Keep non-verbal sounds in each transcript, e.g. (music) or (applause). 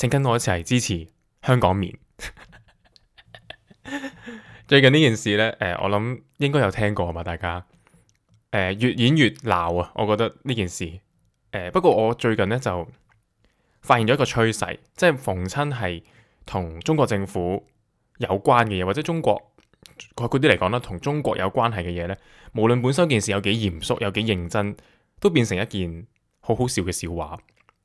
請跟我一齊支持香港面 (laughs) 最近呢件事呢，誒、呃，我諗應該有聽過啊嘛，大家。呃、越演越鬧啊！我覺得呢件事、呃，不過我最近呢，就發現咗一個趨勢，即係逢親係同中國政府有關嘅嘢，或者中國嗰啲嚟講啦，同中國有關係嘅嘢呢，無論本身件事有幾嚴肅，有幾認真，都變成一件好好笑嘅笑話。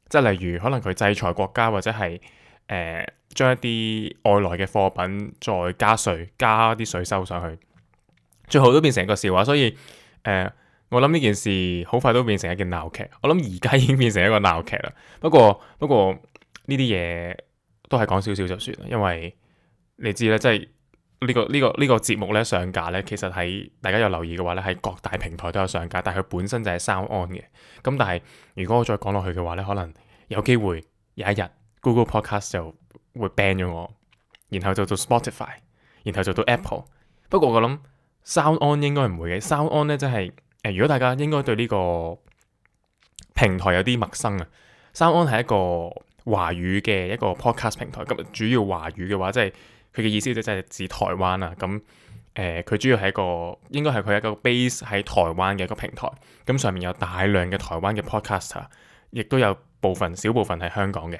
即係例如可能佢制裁國家，或者係誒，將一啲外來嘅貨品再加稅加啲稅收上去，最後都變成一個笑話。所以誒、呃，我諗呢件事好快都變成一件鬧劇。我諗而家已經變成一個鬧劇啦。不過不過呢啲嘢都係講少少就算啦，因為你知啦，即係。這個這個這個、呢個呢個呢個節目咧上架咧，其實喺大家有留意嘅話咧，喺各大平台都有上架，但係佢本身就係 SoundOn 嘅。咁但係如果我再講落去嘅話咧，可能有機會有一日 Google Podcast 就會 ban 咗我，然後就到 Spotify，然後就到 Apple。不過我諗 SoundOn 應該唔會嘅。SoundOn 咧即、就、係、是、誒、呃，如果大家應該對呢個平台有啲陌生啊。SoundOn 係一個華語嘅一個 podcast 平台，咁主要華語嘅話即係。佢嘅意思就係指台灣啊，咁誒，佢、呃、主要係一個應該係佢一個 base 喺台灣嘅一個平台，咁上面有大量嘅台灣嘅 podcaster，亦都有部分小部分係香港嘅，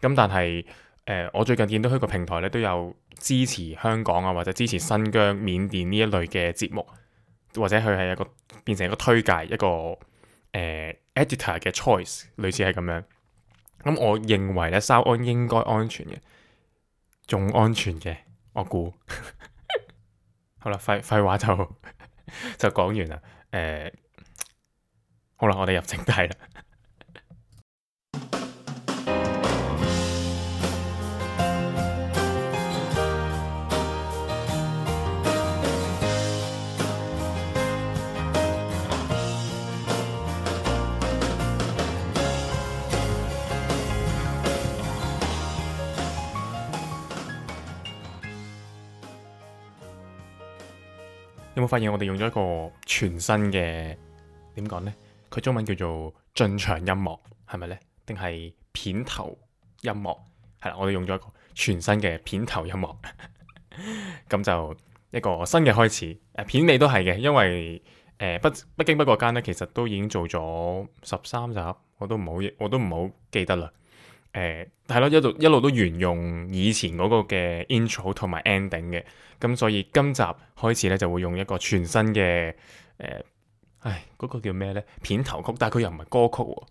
咁但係誒、呃，我最近見到佢個平台咧都有支持香港啊，或者支持新疆、緬甸呢一類嘅節目，或者佢係一個變成一個推介一個誒、呃、editor 嘅 choice，類似係咁樣。咁我認為咧，稍安應該安全嘅。仲安全嘅，我估、 (laughs) (laughs) (laughs) 呃。好啦，廢廢話就就講完啦。誒，好啦，我哋入正題啦。發現我哋用咗一個全新嘅，點講呢？佢中文叫做進場音樂，係咪呢？定係片頭音樂？係啦，我哋用咗一個全新嘅片頭音樂，咁 (laughs) 就一個新嘅開始。誒，片尾都係嘅，因為誒不不經不覺間呢，其實都已經做咗十三集，我都唔好，我都唔好記得啦。誒，係咯、嗯，一路一路都沿用以前嗰個嘅 intro 同埋 ending 嘅，咁所以今集開始咧就會用一個全新嘅誒、呃，唉嗰、嗰個叫咩咧？片頭曲，但係佢又唔係歌曲，哦，誒、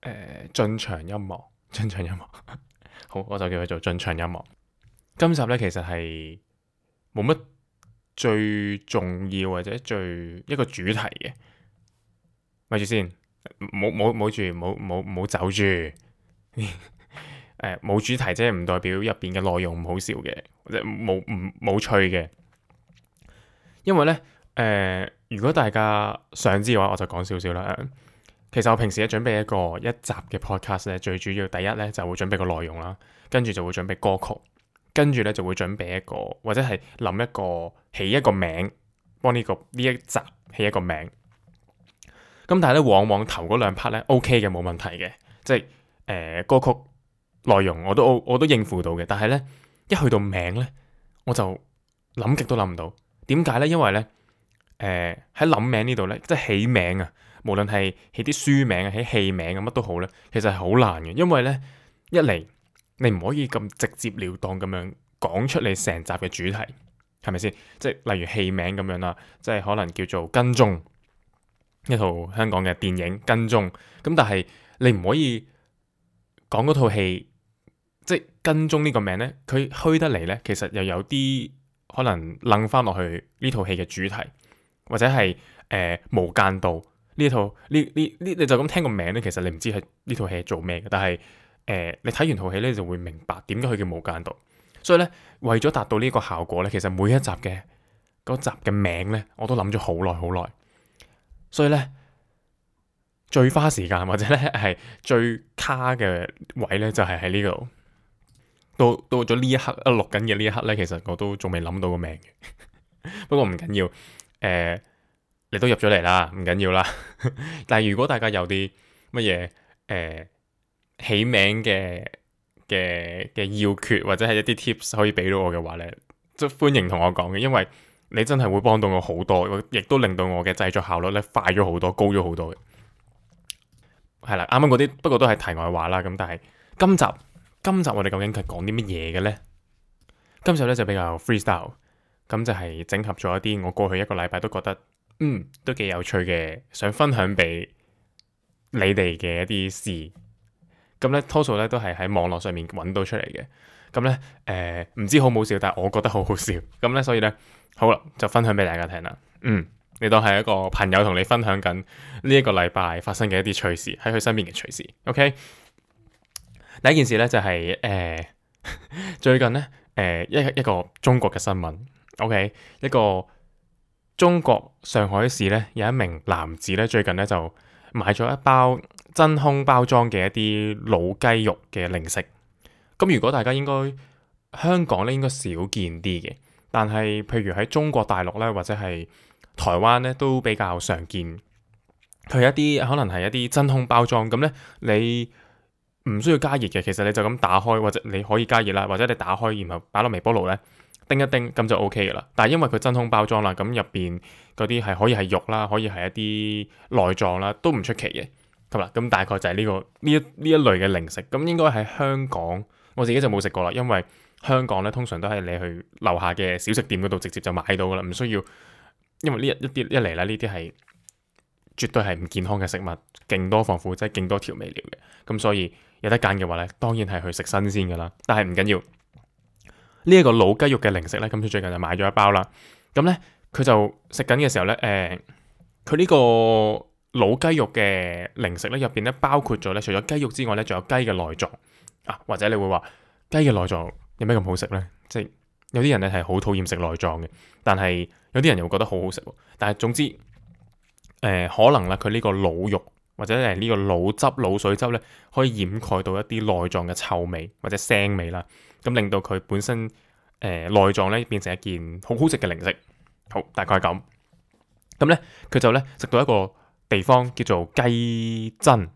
呃，進場音樂，進場音樂，音樂 (laughs) 好，我就叫佢做進場音樂。今集咧其實係冇乜最重要或者最一個主題嘅，咪住先，冇冇冇住，冇冇冇走住。誒，冇、 (laughs) 呃、主題即係唔代表入邊嘅內容唔好笑嘅，或者冇唔冇趣嘅。因為咧，誒、呃，如果大家想知嘅話，我就講少少啦。其實我平時咧準備一個一集嘅 podcast 咧，最主要第一咧就會準備個內容啦，跟住就會準備歌曲，跟住咧就會準備一個或者係諗一個起一個名，幫呢、這個呢一集起一個名。咁但係咧，往往頭嗰兩 part 咧 OK 嘅，冇問題嘅，即係。歌曲內容我都我都應付到嘅，但係呢，一去到名呢，我就諗極都諗唔到點解呢？因為呢，誒喺諗名呢度呢，即係起名啊，無論係起啲書名啊、起戲名啊，乜都好呢，其實係好難嘅。因為呢，一嚟你唔可以咁直接了當咁樣講出你成集嘅主題，係咪先？即係例如戲名咁樣啦，即係可能叫做跟蹤一套香港嘅電影跟蹤咁，但係你唔可以。講嗰套戲，即係跟蹤呢個名咧，佢虛得嚟咧，其實又有啲可能楞翻落去呢套戲嘅主題，或者係誒、呃、無間道呢套呢呢呢，你就咁聽個名咧，其實你唔知係呢套戲係做咩嘅，但係誒你睇完套戲咧，你就會明白點解佢叫無間道。所以咧，為咗達到呢個效果咧，其實每一集嘅嗰集嘅名咧，我都諗咗好耐好耐，所以咧。最花時間或者咧係最卡嘅位咧，就係喺呢度。到到咗呢一刻，一錄緊嘅呢一刻咧，其實我都仲未諗到個名。 (laughs) 不過唔緊要，誒、呃，你都入咗嚟啦，唔緊要啦。 (laughs) 但係如果大家有啲乜嘢誒起名嘅嘅嘅要訣，或者係一啲 tips 可以俾到我嘅話咧，即係歡迎同我講嘅，因為你真係會幫到我好多，亦都令到我嘅製作效率咧快咗好多，高咗好多嘅。係啦，啱啱嗰啲，不過都係題外話啦。咁但係今集今集我哋究竟係講啲乜嘢嘅呢？今集咧就比較 freestyle，咁就係整合咗一啲我過去一個禮拜都覺得嗯都幾有趣嘅，想分享俾你哋嘅一啲事。咁咧多數咧都係喺網絡上面揾到出嚟嘅。咁咧誒唔知好唔好笑，但係我覺得好好笑。咁咧所以咧好啦，就分享俾大家聽啦。嗯。你當係一個朋友同你分享緊呢一個禮拜發生嘅一啲趣事，喺佢身邊嘅趣事。OK，第一件事呢就係、是、誒、呃、最近呢，誒、呃、一一，一個中國嘅新聞。OK，一個中國上海市呢有一名男子呢，最近呢就買咗一包真空包裝嘅一啲老雞肉嘅零食。咁如果大家應該香港呢應該少見啲嘅，但係譬如喺中國大陸呢，或者係，台灣咧都比較常見，佢一啲可能係一啲真空包裝咁咧，你唔需要加熱嘅，其實你就咁打開，或者你可以加熱啦，或者你打開然後擺落微波爐咧，叮一叮咁就 OK 嘅啦。但係因為佢真空包裝啦，咁入邊嗰啲係可以係肉啦，可以係一啲內臟啦，都唔出奇嘅，係啦。咁大概就係呢個呢一呢一類嘅零食，咁應該喺香港我自己就冇食過啦，因為香港咧通常都係你去樓下嘅小食店嗰度直接就買到噶啦，唔需要。因為一一一呢一一啲一嚟咧，呢啲係絕對係唔健康嘅食物，勁多防腐劑，勁多調味料嘅。咁所以有得揀嘅話咧，當然係去食新鮮噶啦。但係唔緊要緊，呢、這、一個老雞肉嘅零食咧，咁佢最近就買咗一包啦。咁咧佢就食緊嘅時候咧，誒、呃，佢呢個老雞肉嘅零食咧，入邊咧包括咗咧，除咗雞肉之外咧，仲有雞嘅內臟啊，或者你會話雞嘅內臟有咩咁好食咧？即、就、係、是。有啲人咧係好討厭食內臟嘅，但係有啲人又覺得好好食。但係總之，誒、呃、可能啦，佢呢個滷肉或者係呢個滷汁、滷水汁咧，可以掩蓋到一啲內臟嘅臭味或者腥味啦，咁、嗯、令到佢本身誒內、呃、臟咧變成一件好好食嘅零食。好，大概咁。咁、嗯、咧，佢就咧食到一個地方叫做雞胗。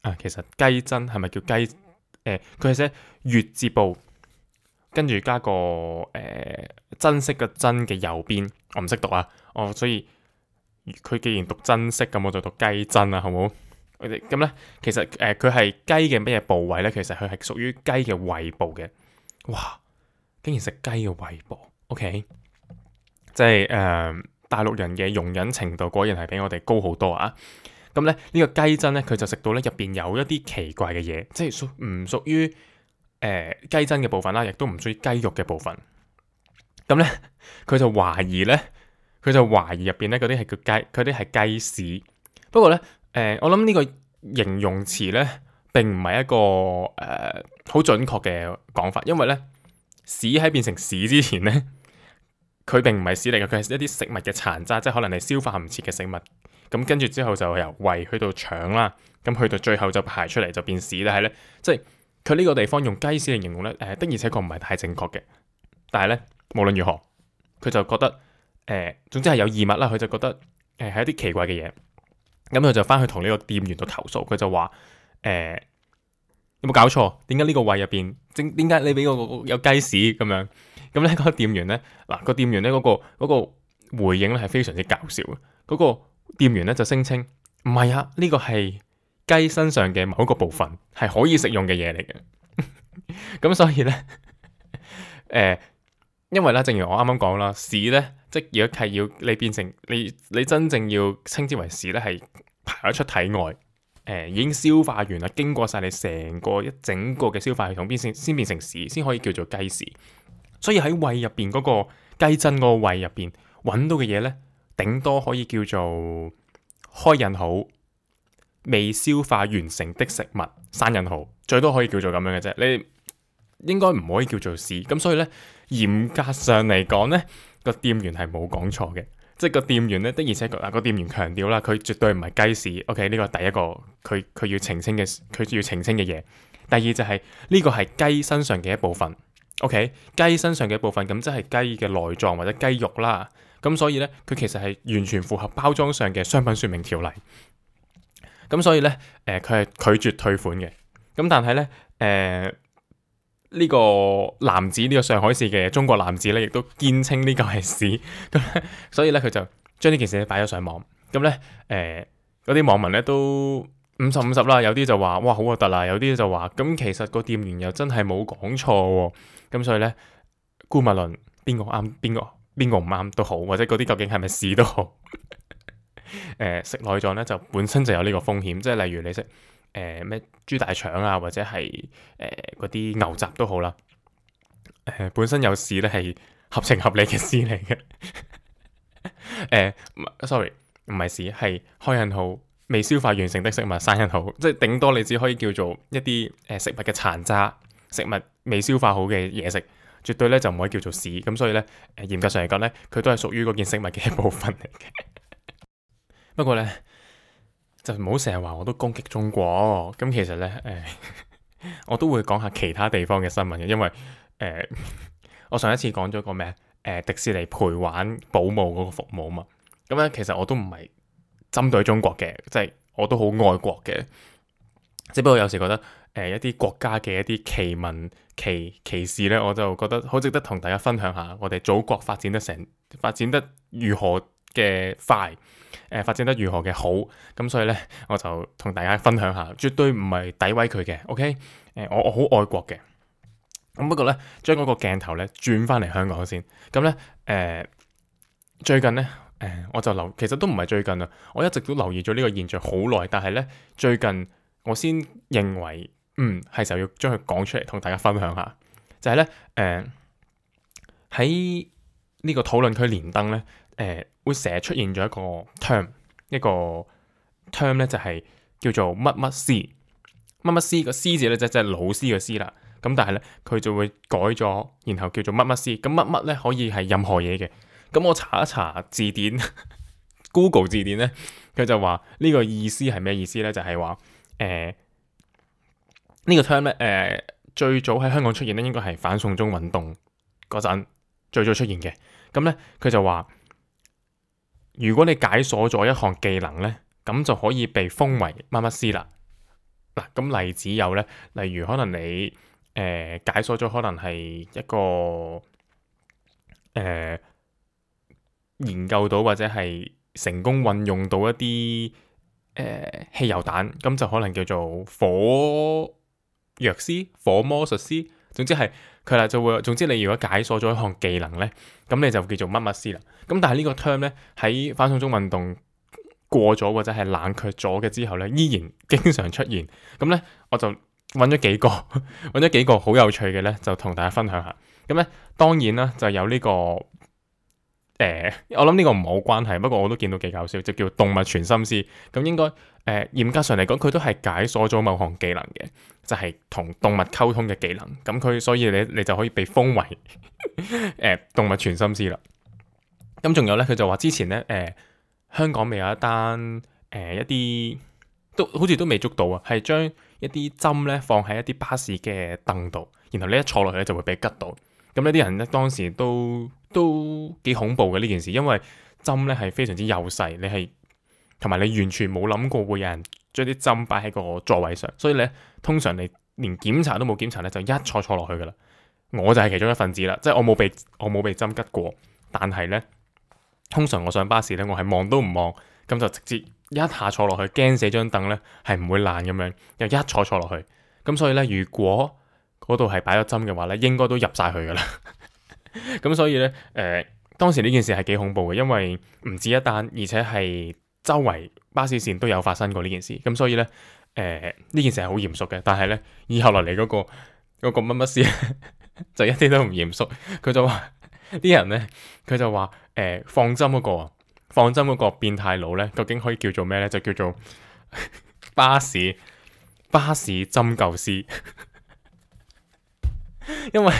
啊，其實雞胗係咪叫雞誒？佢、呃、係寫月字部，跟住加個誒、呃、珍惜嘅珍嘅右邊，我唔識讀啊，哦，所以佢既然讀珍惜，咁我就讀雞胗啦，好冇？咁、嗯、咧、嗯嗯，其實誒佢係雞嘅咩部位咧？其實佢係屬於雞嘅胃部嘅，哇！竟然食雞嘅胃部，OK？即係誒、呃、大陸人嘅容忍程度，果然係比我哋高好多啊！咁、嗯、咧、嗯這個、呢個雞胗咧，佢就食到咧入邊有一啲奇怪嘅嘢，即係屬唔屬於？誒，雞胗嘅部分啦，亦都唔中意雞肉嘅部分。咁咧，佢就懷疑咧，佢就懷疑入邊咧嗰啲係叫雞，嗰啲係雞屎。不過咧，誒、呃，我諗呢個形容詞咧，並唔係一個誒好、呃、準確嘅講法，因為咧，屎喺變成屎之前咧，佢 (laughs) 並唔係屎嚟嘅，佢係一啲食物嘅殘渣，即係可能你消化唔切嘅食物。咁跟住之後就由胃去到腸啦，咁去到最後就排出嚟就變屎。但係咧，即係。佢呢個地方用雞屎嚟形容呢，誒、呃、的而且確唔係太正確嘅。但係呢，無論如何，佢就覺得誒、呃，總之係有異物啦。佢就覺得誒係、呃、一啲奇怪嘅嘢。咁、嗯、佢就翻去同呢個店員度投訴。佢就話誒、呃、有冇搞錯？點解呢個胃入邊正？點解你俾我個有雞屎咁樣？咁、嗯、呢、那個店員呢，嗱、啊那個店員呢嗰、那個嗰、那個回應呢係非常之搞笑嘅。嗰、那個店員呢就聲稱唔係啊，呢、這個係。雞身上嘅某一個部分係可以食用嘅嘢嚟嘅，咁所以咧，誒，因為咧，正如我啱啱講啦，屎咧，即如果係要你變成你你真正要稱之為屎咧，係排咗出體外，誒、呃，已經消化完啦，經過晒你成個一整個嘅消化系統，先先變成屎，先可以叫做雞屎。所以喺胃入邊嗰個雞胗嗰個胃入邊揾到嘅嘢咧，頂多可以叫做開印好。未消化完成的食物，生人號最多可以叫做咁樣嘅啫。你應該唔可以叫做屎。咁所以呢，嚴格上嚟講，呢個店員係冇講錯嘅。即係個店員呢，的而且確，個店員強調啦，佢絕對唔係雞屎。OK，呢個係第一個，佢佢要澄清嘅，佢要澄清嘅嘢。第二就係呢個係雞身上嘅一部分。OK，雞身上嘅一部分，咁即係雞嘅內臟或者雞肉啦。咁所以呢，佢其實係完全符合包裝上嘅商品說明條例。咁所以咧，誒佢係拒絕退款嘅。咁但係咧，誒、呃、呢、這個男子呢、呢個上海市嘅中國男子咧，亦都堅稱呢嚿係屎。咁、嗯、所以咧，佢就將呢件事咧擺咗上網。咁、嗯、咧，誒嗰啲網民咧都五十五十啦。有啲就話哇好核突啊！有啲就話咁、嗯、其實個店員又真係冇講錯喎、哦。咁所以咧，姑勿論邊個啱邊個邊個唔啱都好，或者嗰啲究竟係咪屎都好。 (laughs) 誒、呃，食內臟咧就本身就有呢個風險，即係例如你食誒咩豬大腸啊，或者係誒嗰啲牛雜都好啦，誒、呃、本身有屎咧係合情合理嘅屎嚟嘅。誒、 (laughs) 呃、sorry，唔係屎，係開刃好未消化完成的食物，生刃好，即係頂多你只可以叫做一啲誒食物嘅殘渣，食物未消化好嘅嘢食，絕對咧就唔可以叫做屎。咁所以咧，嚴格上嚟講咧，佢都係屬於嗰件食物嘅一部分嚟嘅。 (laughs) 不過咧，就唔好成日話我都攻擊中國，哦。咁其實咧，誒、哎，我都會講下其他地方嘅新聞嘅，因為誒、哎，我上一次講咗個咩？誒、哎，迪士尼陪玩保姆嗰個服務啊嘛。咁咧，其實我都唔係針對中國嘅，即係我都好愛國嘅。只不過有時覺得，誒、哎，一啲國家嘅一啲奇聞、奇奇事咧，我就覺得好值得同大家分享下，我哋祖國發展得成，發展得如何。嘅快，誒、呃、發展得如何嘅好，咁所以咧，我就同大家分享下，絕對唔係詆毀佢嘅，OK？誒、呃，我我好愛國嘅，咁不過咧，將嗰個鏡頭咧轉翻嚟香港先，咁咧誒，最近咧誒、呃，我就留，其實都唔係最近啊，我一直都留意咗呢個現象好耐，但係咧最近我先認為，嗯，係時候要將佢講出嚟，同大家分享下，就係咧誒喺呢、呃、個討論區連登咧。誒、欸，會成日出現咗一個 term，一個 term 咧就係、是、叫做乜乜師乜乜師個師字咧，即係即係老師個師啦。咁但係咧佢就會改咗，然後叫做乜乜師。咁乜乜咧可以係任何嘢嘅。咁我查一查字典 (laughs) ，Google 字典咧佢就話呢個意思係咩意思咧？就係話誒呢個 term 咧誒、欸、最早喺香港出現咧，應該係反送中運動嗰陣最早出現嘅。咁咧佢就話。如果你解鎖咗一項技能咧，咁就可以被封為乜乜師啦。嗱，咁例子有咧，例如可能你誒、呃、解鎖咗，可能係一個誒、呃、研究到或者係成功運用到一啲誒、呃、汽油彈，咁就可能叫做火藥師、火魔術師，總之係。佢啦就會，總之你如果解鎖咗一項技能咧，咁你就叫做乜乜師啦。咁但係呢個 term 咧，喺反送中運動過咗或者係冷卻咗嘅之後咧，依然經常出現。咁咧我就揾咗幾個，揾咗幾個好有趣嘅咧，就同大家分享下。咁咧當然啦，就有呢、這個誒、呃，我諗呢個唔係好關係，不過我都見到幾搞笑，就叫動物傳心師。咁應該誒、呃、嚴格上嚟講，佢都係解鎖咗某項技能嘅。就係同動物溝通嘅技能，咁佢所以你你就可以被封為誒、 (laughs) 呃、動物全心思啦。咁仲有呢，佢就話之前呢，誒、呃、香港未有一單誒、呃、一啲都好似都未捉到啊，係將一啲針呢放喺一啲巴士嘅凳度，然後你一坐落去就會畀吉到。咁呢啲人呢，當時都都幾恐怖嘅呢件事，因為針呢係非常之幼細，你係同埋你完全冇諗過會有人。將啲針擺喺個座位上，所以咧通常你連檢查都冇檢查咧，就一坐坐落去噶啦。我就係其中一份子啦，即係我冇被我冇被針吉過，但係咧通常我上巴士咧，我係望都唔望，咁就直接一下坐落去，驚死張凳咧係唔會爛咁樣，又一坐坐落去。咁所以咧，如果嗰度係擺咗針嘅話咧，應該都入晒去噶啦。咁 (laughs) 所以咧，誒、呃、當時呢件事係幾恐怖嘅，因為唔止一單，而且係。周圍巴士綫都有發生過呢件事，咁所以呢，誒、呃、呢件事係好嚴肅嘅。但係呢，以後落嚟嗰個、嗰個乜乜師， (laughs) 就一啲都唔嚴肅。佢就話啲 (laughs) 人呢，佢就話誒放針嗰個啊，放針嗰、嗰個、個變態佬呢，究竟可以叫做咩呢？就叫做 (laughs) 巴士巴士針灸師。 (laughs) 因為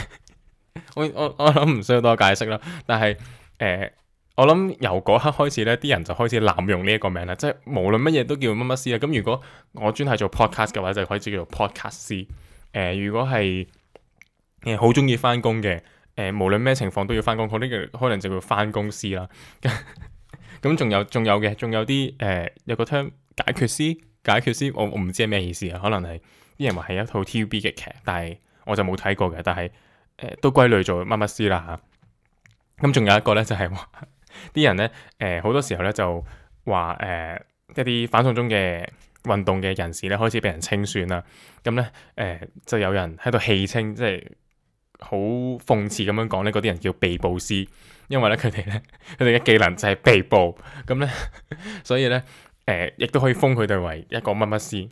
我我我諗唔需要多解釋啦。但係誒。呃我諗由嗰刻開始咧，啲人就開始濫用呢一個名啦，即係無論乜嘢都叫乜乜師啊。咁如果我專係做 podcast 嘅話，就可以叫做 podcast 師。誒、呃，如果係誒好中意翻工嘅，誒、呃、無論咩情況都要翻工，可能就叫翻工師啦。咁 (laughs) 仲有仲有嘅，仲有啲誒、呃、有個 term 解決師，解決師我我唔知係咩意思啊，可能係啲人話係一套 TVB 嘅劇，但係我就冇睇過嘅，但係誒、呃、都歸類做乜乜師啦吓。咁仲有一個咧就係、是、話。啲人咧，誒、呃、好多時候咧就話誒、呃、一啲反送中嘅運動嘅人士咧開始畀人清算啦。咁咧誒就有人喺度戲稱，即係好諷刺咁樣講咧，嗰啲人叫被捕師，因為咧佢哋咧佢哋嘅技能就係被捕。咁咧所以咧誒、呃、亦都可以封佢哋為一個乜乜師。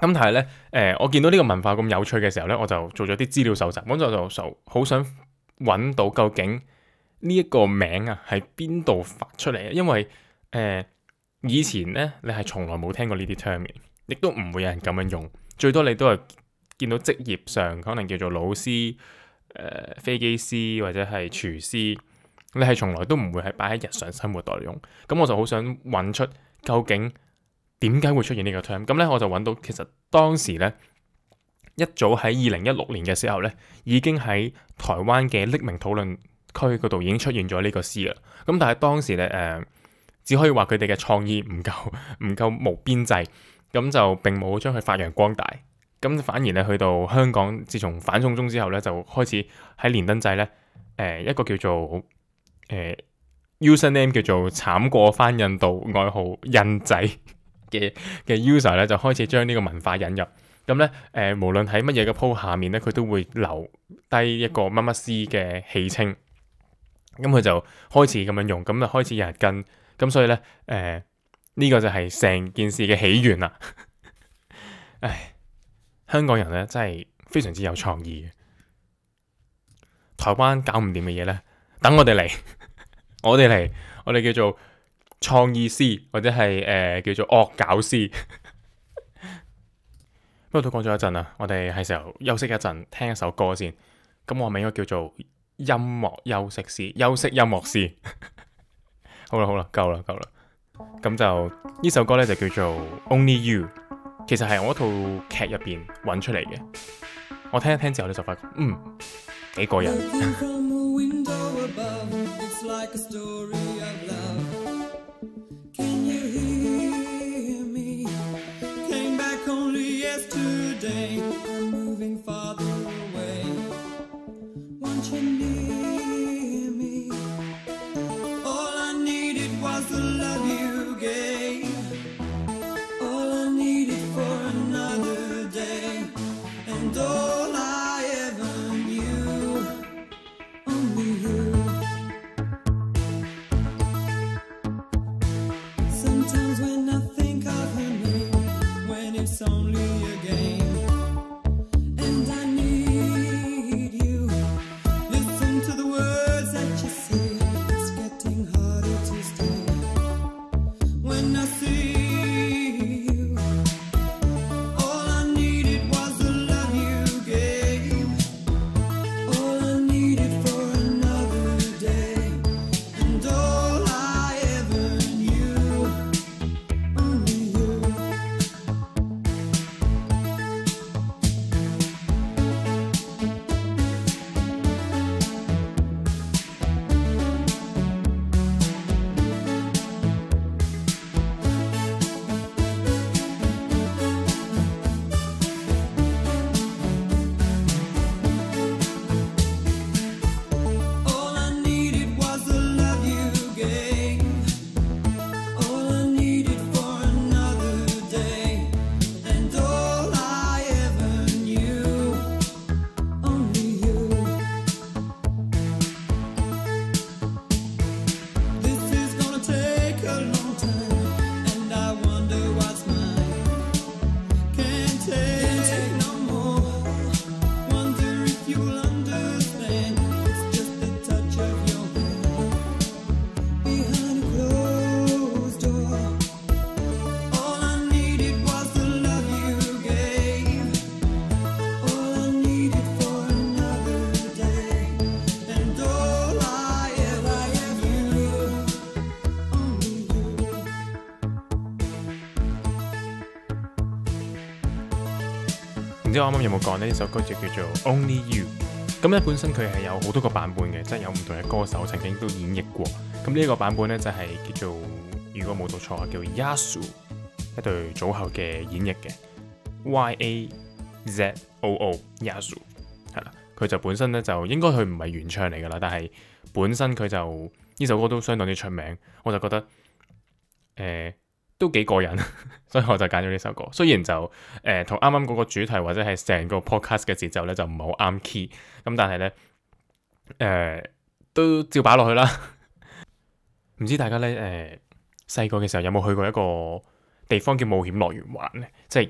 咁但係咧誒我見到呢個文化咁有趣嘅時候咧，我就做咗啲資料搜集，咁我就想好想揾到究竟呢一個名啊，係邊度發出嚟啊？因為誒、呃、以前咧，你係從來冇聽過呢啲 term 嘅，亦都唔會有人咁樣用。最多你都係見到職業上可能叫做老師、誒、呃、飛機師或者係廚師，你係從來都唔會係擺喺日常生活度用。咁我就好想揾出究竟點解會出現呢個 term。咁咧，我就揾到其實當時咧一早喺二零一六年嘅時候咧，已經喺台灣嘅匿名討論。區嗰度已經出現咗呢個詩啦，咁但係當時咧誒、呃，只可以話佢哋嘅創意唔夠唔夠無邊際，咁就並冇將佢發揚光大，咁反而咧去到香港，自從反送中之後咧，就開始喺連登祭咧，誒、呃、一個叫做誒、呃、user name 叫做慘過返印度愛好印仔嘅嘅 user 咧，就開始將呢個文化引入，咁咧誒無論喺乜嘢嘅 po 下面咧，佢都會留低一個乜乜詩嘅戲稱。咁佢就開始咁樣用，咁就開始日日跟，咁所以咧，誒、呃、呢、呢個就係成件事嘅起源啦。 (laughs) 唉，香港人咧真係非常之有創意嘅，台灣搞唔掂嘅嘢咧，等我哋嚟， (laughs) 我哋嚟，我哋叫做創意師或者係誒、呃、叫做惡搞師。 (laughs) 不過都講咗一陣啦，我哋係時候休息一陣，聽一首歌先。咁我咪應該叫做。音樂休息師，休息音樂師。 (laughs) 好啦好啦，夠啦夠啦。咁就呢首歌呢，就叫做《Only You》，其實係我一套劇入邊揾出嚟嘅。我聽一聽之後呢，就發覺，嗯，幾過癮。 (laughs) 唔知我啱啱有冇講呢？呢首歌就叫做《Only You》。咁咧本身佢係有好多個版本嘅，即、就、係、是、有唔同嘅歌手曾經都演繹過。咁呢一個版本咧就係、是、叫做，如果冇讀錯，叫 Yasu，一對組合嘅演繹嘅 Y A Z O O Yasu。係啦，佢就本身咧就應該佢唔係原唱嚟噶啦，但係本身佢就呢首歌都相當之出名。我就覺得誒。呃都幾過癮，所以我就揀咗呢首歌。雖然就誒同啱啱嗰個主題或者係成個 podcast 嘅節奏咧就唔係好啱 key，咁、嗯、但係咧誒都照擺落去啦。唔 (laughs) 知大家咧誒細個嘅時候有冇去過一個地方叫冒險樂園玩咧？即係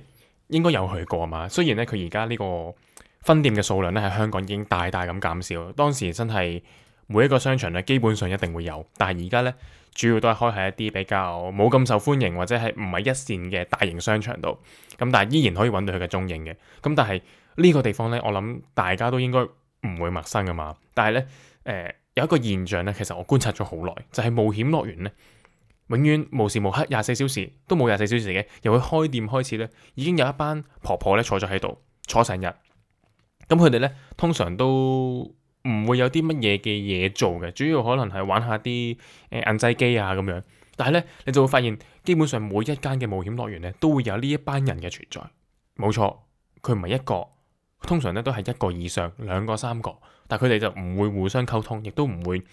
應該有去過啊嘛。雖然咧佢而家呢個分店嘅數量咧喺香港已經大大咁減少，當時真係每一個商場咧基本上一定會有，但係而家咧。主要都係開喺一啲比較冇咁受歡迎或者係唔係一線嘅大型商場度，咁但係依然可以揾到佢嘅蹤影嘅。咁但係呢個地方呢，我諗大家都應該唔會陌生噶嘛。但係呢，誒、呃、有一個現象呢，其實我觀察咗好耐，就係、是、冒險樂園呢，永遠無時無刻廿四小時都冇廿四小時嘅。由佢開店開始呢，已經有一班婆婆呢坐咗喺度坐成日。咁佢哋呢，通常都。唔會有啲乜嘢嘅嘢做嘅，主要可能係玩下啲誒、呃、銀製機啊咁樣。但係咧，你就會發現基本上每一間嘅冒險樂園咧，都會有呢一班人嘅存在。冇錯，佢唔係一個，通常咧都係一個以上，兩個三個。但係佢哋就唔會互相溝通，亦都唔會誒、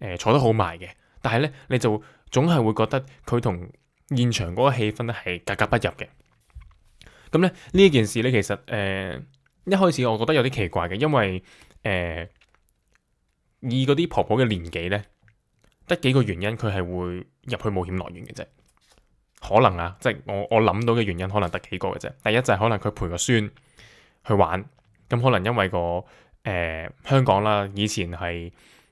呃、坐得好埋嘅。但係咧，你就總係會覺得佢同現場嗰個氣氛咧係格格不入嘅。咁咧呢一件事咧，其實誒、呃、一開始我覺得有啲奇怪嘅，因為誒、呃以嗰啲婆婆嘅年紀呢，得幾個原因佢係會入去冒險樂園嘅啫？可能啊，即係我我諗到嘅原因可能得幾個嘅啫。第一就係可能佢陪個孫去玩，咁可能因為個誒、呃、香港啦，以前係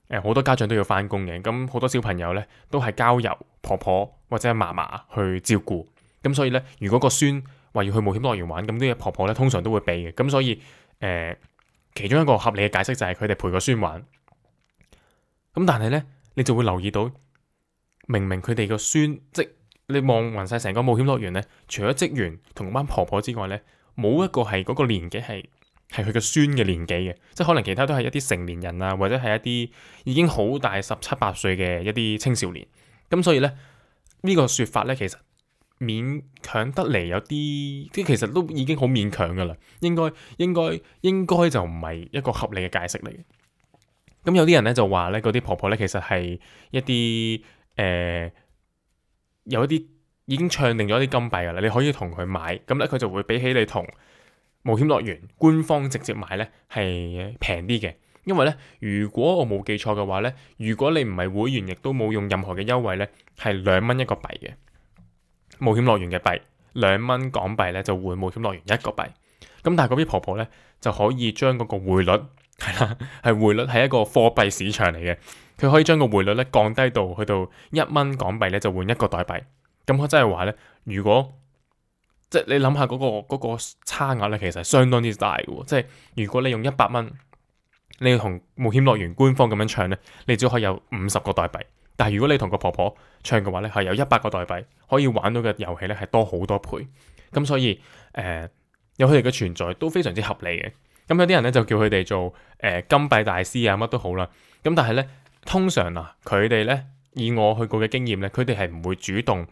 誒好多家長都要翻工嘅，咁好多小朋友呢都係交由婆婆或者嫲嫲去照顧，咁所以呢，如果個孫話要去冒險樂園玩，咁呢啲婆婆呢通常都會俾嘅，咁所以誒、呃、其中一個合理嘅解釋就係佢哋陪個孫玩。咁但係咧，你就會留意到，明明佢哋個孫即你望勻晒成個冒險樂園咧，除咗職員同班婆婆之外咧，冇一個係嗰個年紀係係佢嘅孫嘅年紀嘅，即係可能其他都係一啲成年人啊，或者係一啲已經好大十七八歲嘅一啲青少年。咁所以咧，這個、說呢個説法咧其實勉強得嚟有啲，即其實都已經好勉強噶啦，應該應該應該就唔係一個合理嘅解釋嚟嘅。咁、嗯、有啲人咧就話咧，嗰啲婆婆咧其實係一啲誒、呃，有一啲已經唱定咗啲金幣㗎喇，你可以同佢買，咁咧佢就會比起你同冒險樂園官方直接買咧係平啲嘅，因為咧如果我冇記錯嘅話咧，如果你唔係會員，亦都冇用任何嘅優惠咧，係兩蚊一個幣嘅冒險樂園嘅幣，兩蚊港幣咧就換冒險樂園一個幣，咁但係嗰啲婆婆咧就可以將嗰個匯率。係啦，係匯率係一個貨幣市場嚟嘅，佢可以將個匯率咧降低到去到一蚊港幣咧就換一個代幣。咁我真係話咧，如果即係你諗下嗰個、嗰個差額咧，其實係相當之大嘅。即係如果你用一百蚊，你要同冒險樂園官方咁樣唱咧，你只可以有五十個代幣。但係如果你同個婆婆唱嘅話咧，係有一百個代幣，可以玩到嘅遊戲咧係多好多倍。咁所以誒、呃、有佢哋嘅存在都非常之合理嘅。咁、嗯、有啲人咧就叫佢哋做誒、呃、金幣大師啊，乜都好啦。咁、嗯、但係咧，通常啊，佢哋咧以我去過嘅經驗咧，佢哋係唔會主動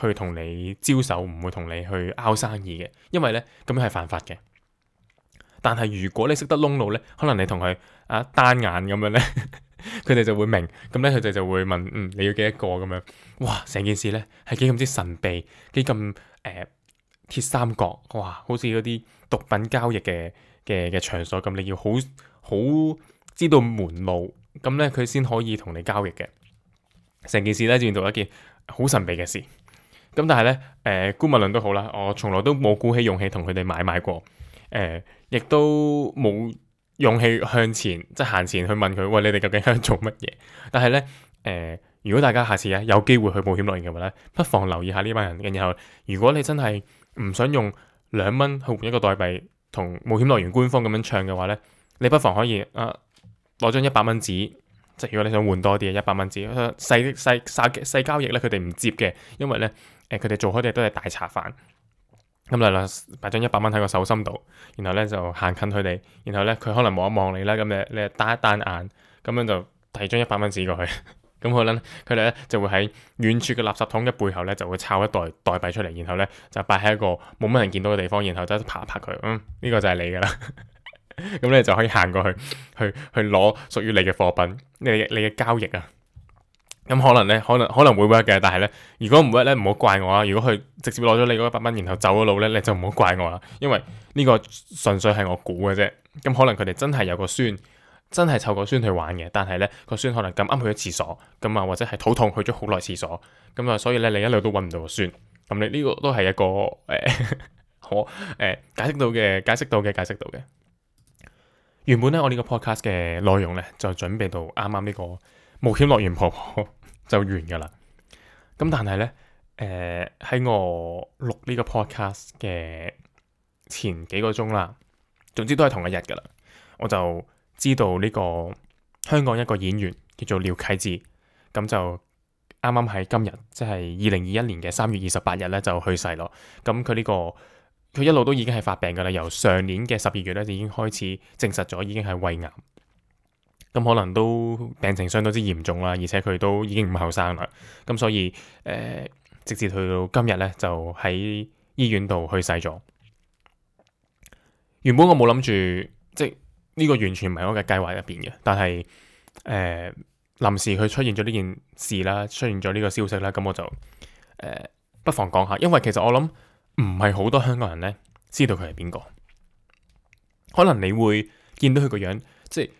去同你招手，唔會同你去拗生意嘅，因為咧咁樣係犯法嘅。但係如果你識得窿路咧，可能你同佢啊單眼咁樣咧，佢 (laughs) 哋就會明。咁咧佢哋就會問，嗯，你要幾多個咁樣？哇，成件事咧係幾咁之神秘，幾咁誒鐵三角？哇，好似嗰啲毒品交易嘅。嘅嘅場所咁，你要好好知道門路，咁咧佢先可以同你交易嘅。成件事咧就變做一件好神秘嘅事。咁但係咧，誒姑勿論都好啦，我從來都冇鼓起勇氣同佢哋買買過，誒、呃、亦都冇勇氣向前即係行、就是、前去問佢，喂，你哋究竟喺度做乜嘢？但係咧，誒、呃、如果大家下次啊有機會去冒險樂園嘅話咧，不妨留意下呢班人嘅。然後如果你真係唔想用兩蚊去換一個代幣。同冒險樂園官方咁樣唱嘅話咧，你不妨可以啊攞張一百蚊紙，即係如果你想換多啲嘅一百蚊紙，啊、細啲細沙細交易咧，佢哋唔接嘅，因為咧誒佢哋做開嘅都係大茶飯。咁嚟啦，擺張一百蚊喺個手心度，然後咧就行近佢哋，然後咧佢可能望一望你啦，咁你你單一單眼，咁樣就遞張一百蚊紙過去。 (laughs) 咁可能佢哋咧就會喺遠處嘅垃圾桶嘅背後咧就會抄一袋代幣出嚟，然後咧就擺喺一個冇乜人見到嘅地方，然後就爬一拍一拍佢，嗯，呢個就係你㗎喇。咁 (laughs) 咧就可以行過去，去去攞屬於你嘅貨品，你你嘅交易啊。咁可能咧，可能可能會 work 嘅，但係咧，如果唔 work 咧，唔好怪我啊。如果佢直接攞咗你嗰一百蚊，然後走咗路咧，你就唔好怪我啦、啊，因為呢個純粹係我估嘅啫。咁可能佢哋真係有個孫。真係湊個孫去玩嘅，但係呢個孫可能咁啱去咗廁所咁啊，或者係肚痛去咗好耐廁所咁啊，所以呢，你一路都揾唔到個孫咁、嗯。你呢個都係一個誒可誒解釋到嘅，解釋到嘅，解釋到嘅。原本呢，我呢個 podcast 嘅內容呢，就準備到啱啱呢個冒險樂園婆婆 (laughs) 就完噶啦。咁、嗯、但係呢，誒、呃、喺我錄呢個 podcast 嘅前幾個鐘啦，總之都係同一日噶啦，我就。知道呢個香港一個演員叫做廖啟智，咁就啱啱喺今日，即係二零二一年嘅三月二十八日咧，就去世咯。咁佢呢個佢一路都已經係發病噶啦，由上年嘅十二月咧就已經開始證實咗已經係胃癌，咁可能都病情相當之嚴重啦，而且佢都已經唔後生啦。咁所以誒、呃，直接去到今日咧，就喺醫院度去世咗。原本我冇諗住即呢個完全唔係我嘅計劃入邊嘅，但係誒臨時佢出現咗呢件事啦，出現咗呢個消息啦，咁我就誒、呃、不妨講下，因為其實我諗唔係好多香港人呢知道佢係邊個，可能你會見到佢個樣，即係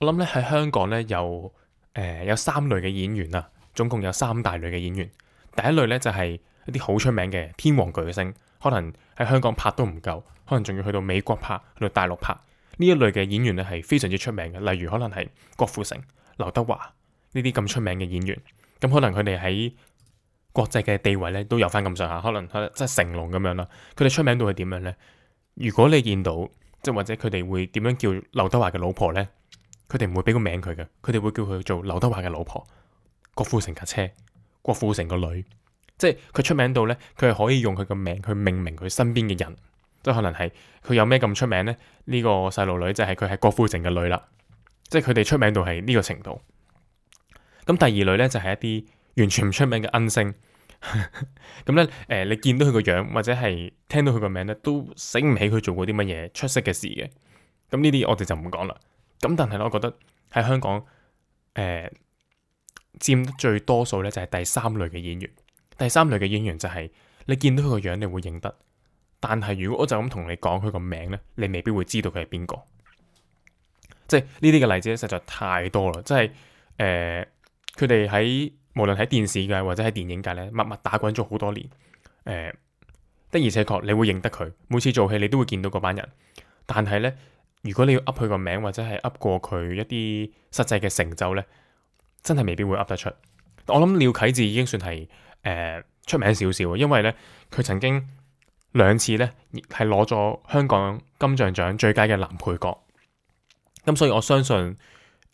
我諗咧喺香港呢有誒、呃、有三類嘅演員啊，總共有三大類嘅演員，第一類呢就係、是、一啲好出名嘅天王巨星，可能喺香港拍都唔夠，可能仲要去到美國拍，去到大陸拍。呢一類嘅演員咧係非常之出名嘅，例如可能係郭富城、劉德華呢啲咁出名嘅演員，咁可能佢哋喺國際嘅地位咧都有翻咁上下，可能係即係成龍咁樣啦。佢哋出名到係點樣呢？如果你見到即或者佢哋會點樣叫劉德華嘅老婆呢？佢哋唔會俾個名佢嘅，佢哋會叫佢做劉德華嘅老婆、郭富城架車、郭富城個女，即係佢出名到呢，佢係可以用佢個名去命名佢身邊嘅人。即可能係佢有咩咁出名呢？呢、呢個細路女就係佢係郭富城嘅女啦。即係佢哋出名到係呢個程度。咁第二類咧就係、係、一啲完全唔出名嘅恩星。咁咧誒，你見到佢個樣或者係聽到佢個名咧，都醒唔起佢做過啲乜嘢出色嘅事嘅。咁呢啲我哋就唔講啦。咁但係我覺得喺香港誒、呃、佔得最多數咧就係第三類嘅演員。第三類嘅演員就係、係、你見到佢個樣你會認得，但係如果我就咁同你講佢個名呢，你未必會知道佢係邊個。即係呢啲嘅例子咧，實在太多啦。即係，誒、呃，佢哋喺無論喺電視界或者喺電影界呢，默默打滾咗好多年。呃、的而且確你會認得佢，每次做戲你都會見到嗰班人。但係呢，如果你要噏佢個名或者係噏過佢一啲實際嘅成就呢，真係未必會噏得出。我諗廖啟智已經算係誒、呃、出名少少，因為呢，佢曾經。兩次咧，係攞咗香港金像獎最佳嘅男配角，咁所以我相信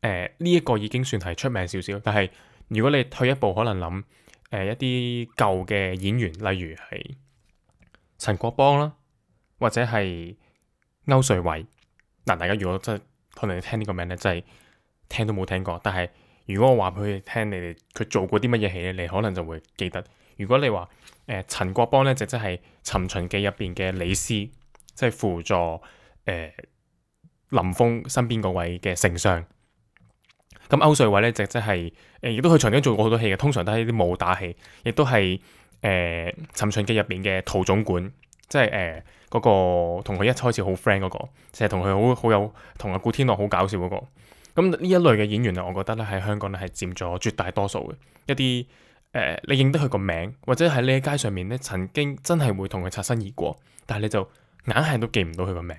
誒呢一個已經算係出名少少。但係如果你退一步，可能諗誒、呃、一啲舊嘅演員，例如係陳國邦啦，或者係歐瑞偉。嗱、呃，大家如果真係可能聽呢個名咧，真係聽都冇聽過。但係如果我話俾你聽，你哋佢做過啲乜嘢戲咧，你可能就會記得。如果你話誒、呃、陳國邦咧，就即係《尋秦記》入邊嘅李斯，即係輔助誒、呃、林峯身邊嗰位嘅丞相。咁、嗯、歐瑞偉咧，就即係誒亦都佢曾江曾經做過好多戲嘅，通常都係啲武打戲，亦都係誒《尋、呃、秦記》入邊嘅陶總管，即係誒嗰個同佢一開始好 friend 嗰、那個，成日同佢好好有同阿古天樂好搞笑嗰、那個。咁、嗯、呢一類嘅演員我覺得咧喺香港咧係佔咗絕大多數嘅一啲。誒、呃，你認得佢個名，或者喺呢喺街上面咧，曾經真係會同佢擦身而過，但係你就硬係都記唔到佢個名。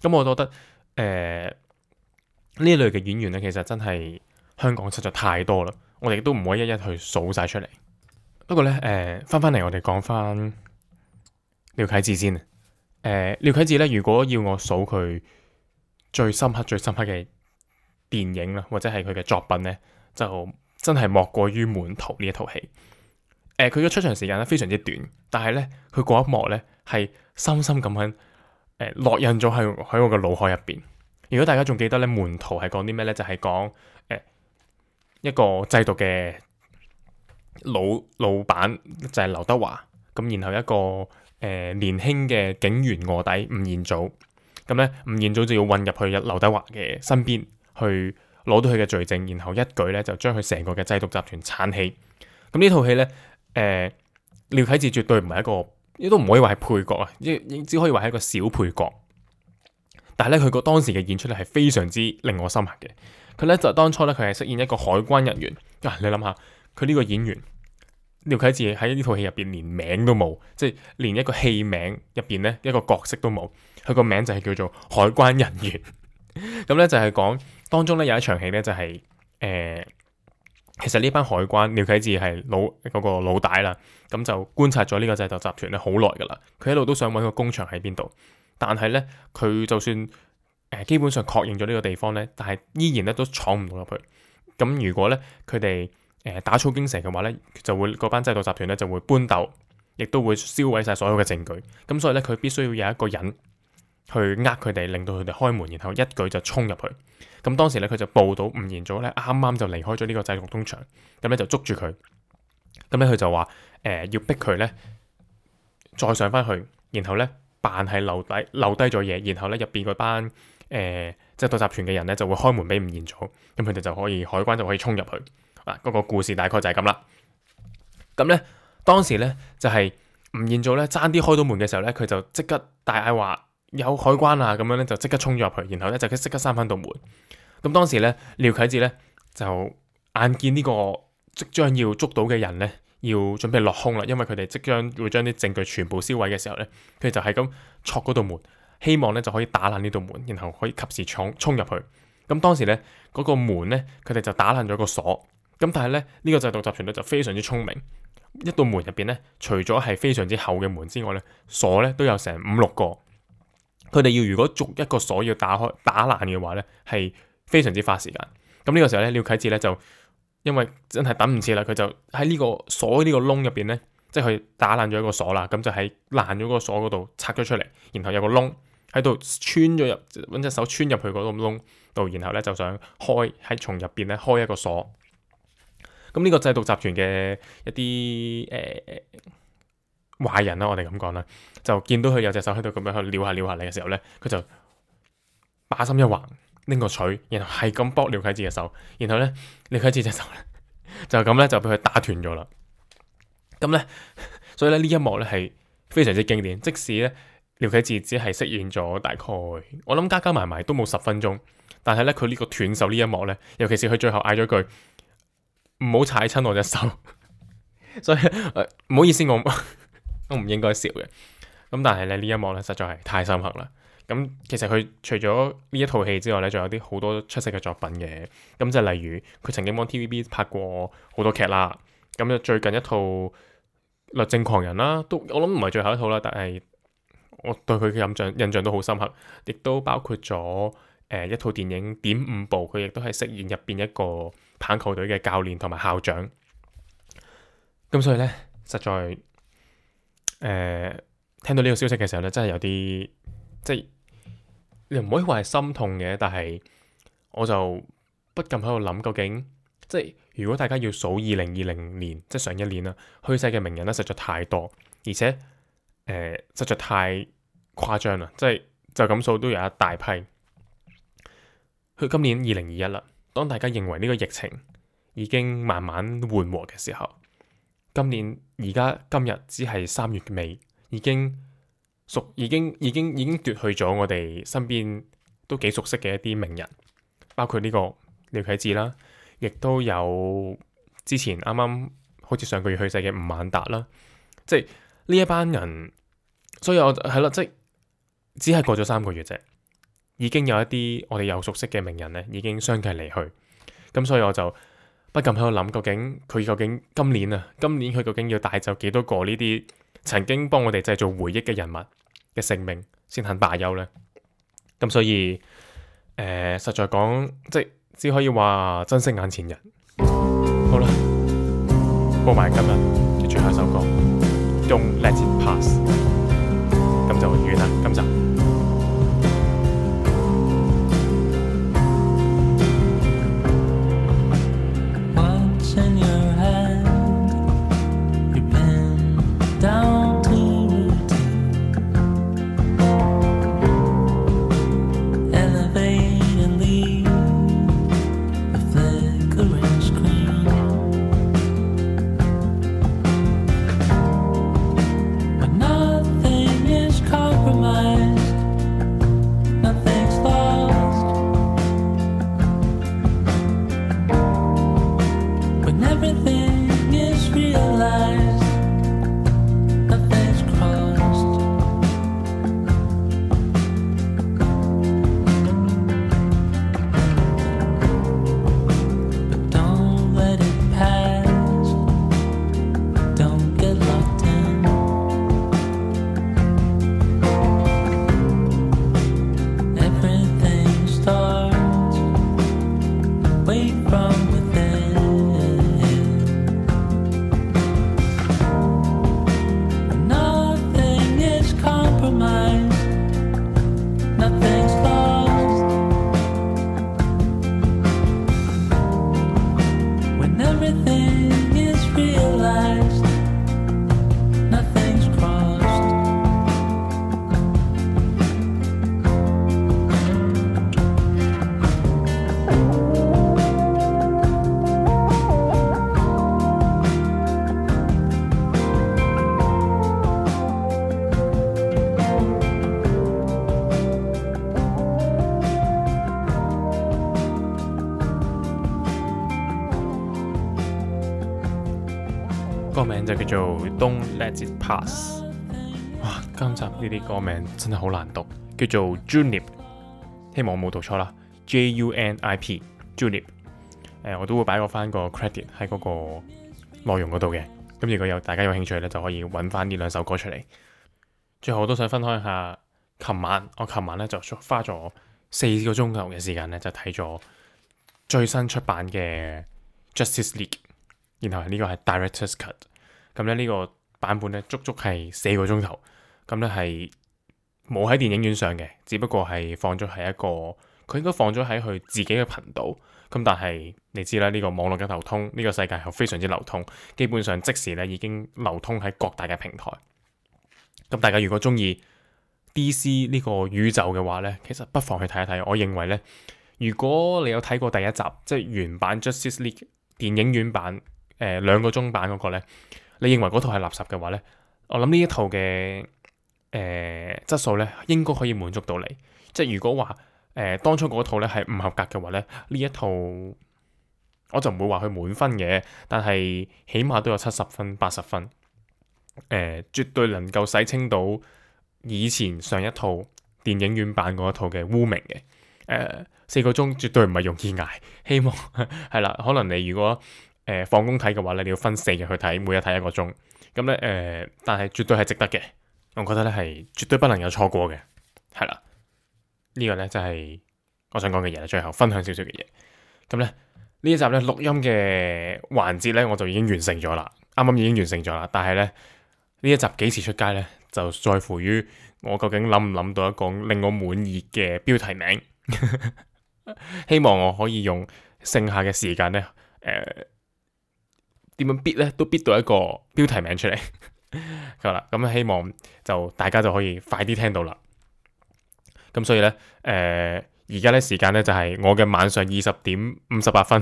咁、嗯、我都覺得，誒、呃、呢一類嘅演員咧，其實真係香港實在太多啦。我哋都唔可以一一去數晒出嚟。不過咧，誒翻翻嚟，我哋講翻廖啟智先啊。廖啟智咧、呃，如果要我數佢最深刻、最深刻嘅電影啦，或者係佢嘅作品咧，就，真係莫過於《門徒》呢一套戲，誒佢嘅出場時間咧非常之短，但係咧佢嗰一幕咧係深深咁樣誒烙印咗喺喺我嘅腦海入邊。如果大家仲記得咧，《門徒》係講啲咩咧？就係講誒一個製毒嘅老老闆就係、是、劉德華，咁然後一個誒、呃、年輕嘅警員臥底吳彥祖，咁咧吳彥祖就要混入去入劉德華嘅身邊去。攞到佢嘅罪證，然後一舉咧就將佢成個嘅製毒集團鏟起。咁呢套戲咧，誒、呃，廖啟智絕對唔係一個，亦都唔可以話係配角啊，亦亦只可以話係一個小配角。但係咧，佢個當時嘅演出咧係非常之令我深刻嘅。佢咧就當初咧，佢係飾演一個海關人員。啊，你諗下，佢呢個演員廖啟智喺呢套戲入邊連名都冇，即係連一個戲名入邊咧一個角色都冇。佢個名就係叫做海關人員。咁 (laughs) 咧就係、是、講。當中咧有一場戲咧就係、是、誒、呃，其實呢班海關廖啟智係老嗰、那個老大啦，咁就觀察咗呢個製毒集團咧好耐㗎啦。佢一路都想揾個工場喺邊度，但係咧佢就算誒、呃、基本上確認咗呢個地方咧，但係依然咧都闖唔到入去。咁如果咧佢哋誒打草驚蛇嘅話咧，就會嗰班製毒集團咧就會搬走，亦都會燒毀晒所有嘅證據。咁所以咧佢必須要有一個人，去呃佢哋，令到佢哋開門，然後一舉就衝入去。咁當時咧，佢就報到吳彥祖咧，啱啱就離開咗呢個製毒工場，咁咧就捉住佢。咁咧，佢就話誒、呃、要逼佢咧再上翻去，然後咧扮係留低、留低咗嘢，然後咧入邊個班誒即係製毒集團嘅人咧就會開門俾吳彥祖，咁佢哋就可以海關就可以衝入去嗱。嗰、那個故事大概就係咁啦。咁咧當時咧就係吳彥祖咧爭啲開到門嘅時候咧，佢就即刻大嗌話。有海關啊，咁樣咧就即刻衝咗入去，然後咧就即刻閂翻道門。咁當時咧，廖啟智咧就眼見呢個即將要捉到嘅人咧，要準備落空啦，因為佢哋即將會將啲證據全部銷毀嘅時候咧，佢就係咁戳嗰道門，希望咧就可以打爛呢道門，然後可以及時闖沖入去。咁當時咧嗰、那個門咧，佢哋就打爛咗個鎖。咁但係咧呢、這個製毒集團咧就非常之聰明，一道門入邊咧除咗係非常之厚嘅門之外咧，鎖咧都有成五六個。佢哋要如果逐一個鎖要打開打爛嘅話咧，係非常之花時間。咁呢個時候咧，廖啟智咧就因為真係等唔切啦，佢就喺呢個鎖呢個窿入邊咧，即係佢打爛咗一個鎖啦，咁就喺爛咗個鎖嗰度拆咗出嚟，然後有個窿喺度穿咗入，揾隻手穿入去嗰個窿度，然後咧就想開喺從入邊咧開一個鎖。咁呢個製毒集團嘅一啲誒。欸壞人啦、啊，我哋咁講啦，就見到佢有隻手喺度咁樣去撩下撩下你嘅時候咧，佢就把心一橫，拎個錘，然後係咁剝廖啟智嘅手，然後咧廖啟智隻手咧 (laughs) 就咁咧就被佢打斷咗啦。咁咧，所以咧呢一幕咧係非常之經典，即使咧廖啟智只係飾演咗大概，我諗加加埋埋都冇十分鐘，但係咧佢呢個斷手呢一幕咧，尤其是佢最後嗌咗句唔好踩親我隻手， (laughs) 所以呃、唔好意思我。 (laughs) 都唔應該笑嘅咁，但係咧呢一幕咧，實在係太深刻啦。咁其實佢除咗呢一套戲之外咧，仲有啲好多出色嘅作品嘅。咁就例如佢曾經幫 TVB 拍過好多劇啦。咁就最近一套律政狂人啦，都我諗唔係最後一套啦，但係我對佢嘅印象印象都好深刻，亦都包括咗誒、呃、一套電影點五步，佢亦都係飾演入邊一個棒球隊嘅教練同埋校長。咁所以咧，實在。誒、呃，聽到呢個消息嘅時候咧，真係有啲，即係你唔可以話係心痛嘅，但係我就不禁喺度諗，究竟即係如果大家要數二零二零年，即係上一年啦，去世嘅名人咧實在太多，而且誒、呃、實在太誇張啦，即係就咁數都有一大批。佢今年二零二一啦，當大家認為呢個疫情已經慢慢緩和嘅時候。今年而家今日只係三月尾，已經已經已經已經奪去咗我哋身邊都幾熟悉嘅一啲名人，包括呢個廖啟智啦，亦都有之前啱啱好似上個月去世嘅吳孟達啦，即係呢一班人，所以我係啦，即係只係過咗三個月啫，已經有一啲我哋又熟悉嘅名人咧，已經相繼離去，咁所以我就。不禁喺度諗，究竟佢究竟今年啊，今年佢究竟要帶走幾多個呢啲曾經幫我哋製造回憶嘅人物嘅性命，先肯罷休呢？咁所以，誒、呃，實在講，即係只可以話珍惜眼前人。好啦，播埋今日嘅最後一首歌《Don't Let It Pass》，咁就完啦，咁就。叫做 Don't Let It Pass。哇！今集呢啲歌名真係好難讀，叫做 Junip，希望我冇讀錯啦。J U N I P，Junip。誒、呃，我都會擺個翻個 credit 喺嗰個內容嗰度嘅。咁、嗯、如果有大家有興趣咧，就可以揾翻呢兩首歌出嚟。最後我都想分享下，琴晚我琴晚咧就花咗四個鐘頭嘅時間咧，就睇咗最新出版嘅 Justice League，然後呢個係 Director's Cut。咁咧，呢個版本咧足足係四個鐘頭。咁咧係冇喺電影院上嘅，只不過係放咗喺一個佢應該放咗喺佢自己嘅頻道。咁但係你知啦，呢個網絡嘅流通，呢個世界係非常之流通，基本上即時咧已經流通喺各大嘅平台。咁大家如果中意 DC 呢個宇宙嘅話咧，其實不妨去睇一睇。我認為咧，如果你有睇過第一集即係原版 Justice League 電影院版，誒兩個鐘版嗰個咧，你認為嗰套係垃圾嘅話，呃、呢，我諗呢一套嘅誒質素咧應該可以滿足到你。即係如果話誒、呃、當初嗰套咧係唔合格嘅話呢，呢一套我就唔會話佢滿分嘅，但係起碼都有七十分八十分。誒、呃，絕對能夠洗清到以前上一套電影院版嗰一套嘅污名嘅。誒、呃，四個鐘絕對唔係容易捱。希望係 (laughs) 啦， (laughs) 可能你如果誒，放工睇嘅話咧，你要分四日去睇，每日睇一個鐘咁咧。誒、呃，但係絕對係值得嘅，我覺得咧係絕對不能有錯過嘅係啦。這個、呢個咧就係、是、我想講嘅嘢啦。最後分享少少嘅嘢咁咧，呢一集咧錄音嘅環節咧，我就已經完成咗啦，啱啱已經完成咗啦。但係咧，呢一集幾時出街咧，就在乎於我究竟諗唔諗到一個令我滿意嘅標題名。 (laughs) 希望我可以用剩下嘅時間咧，誒、呃。點樣逼呢都逼到一個標題名出嚟，咁啦，咁希望就大家就可以快啲聽到啦。咁所以呢，誒而家呢時間呢就係我嘅晚上二十點五十八分，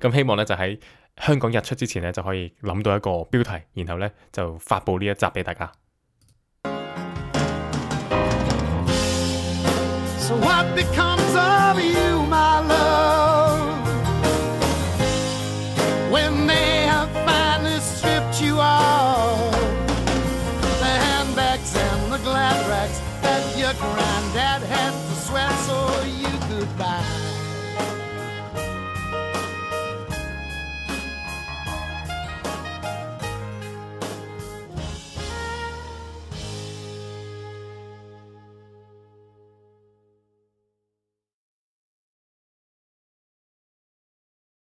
咁希望呢就喺香港日出之前呢就可以諗到一個標題，然後呢就發佈呢一集俾大家。So what becomes of you my love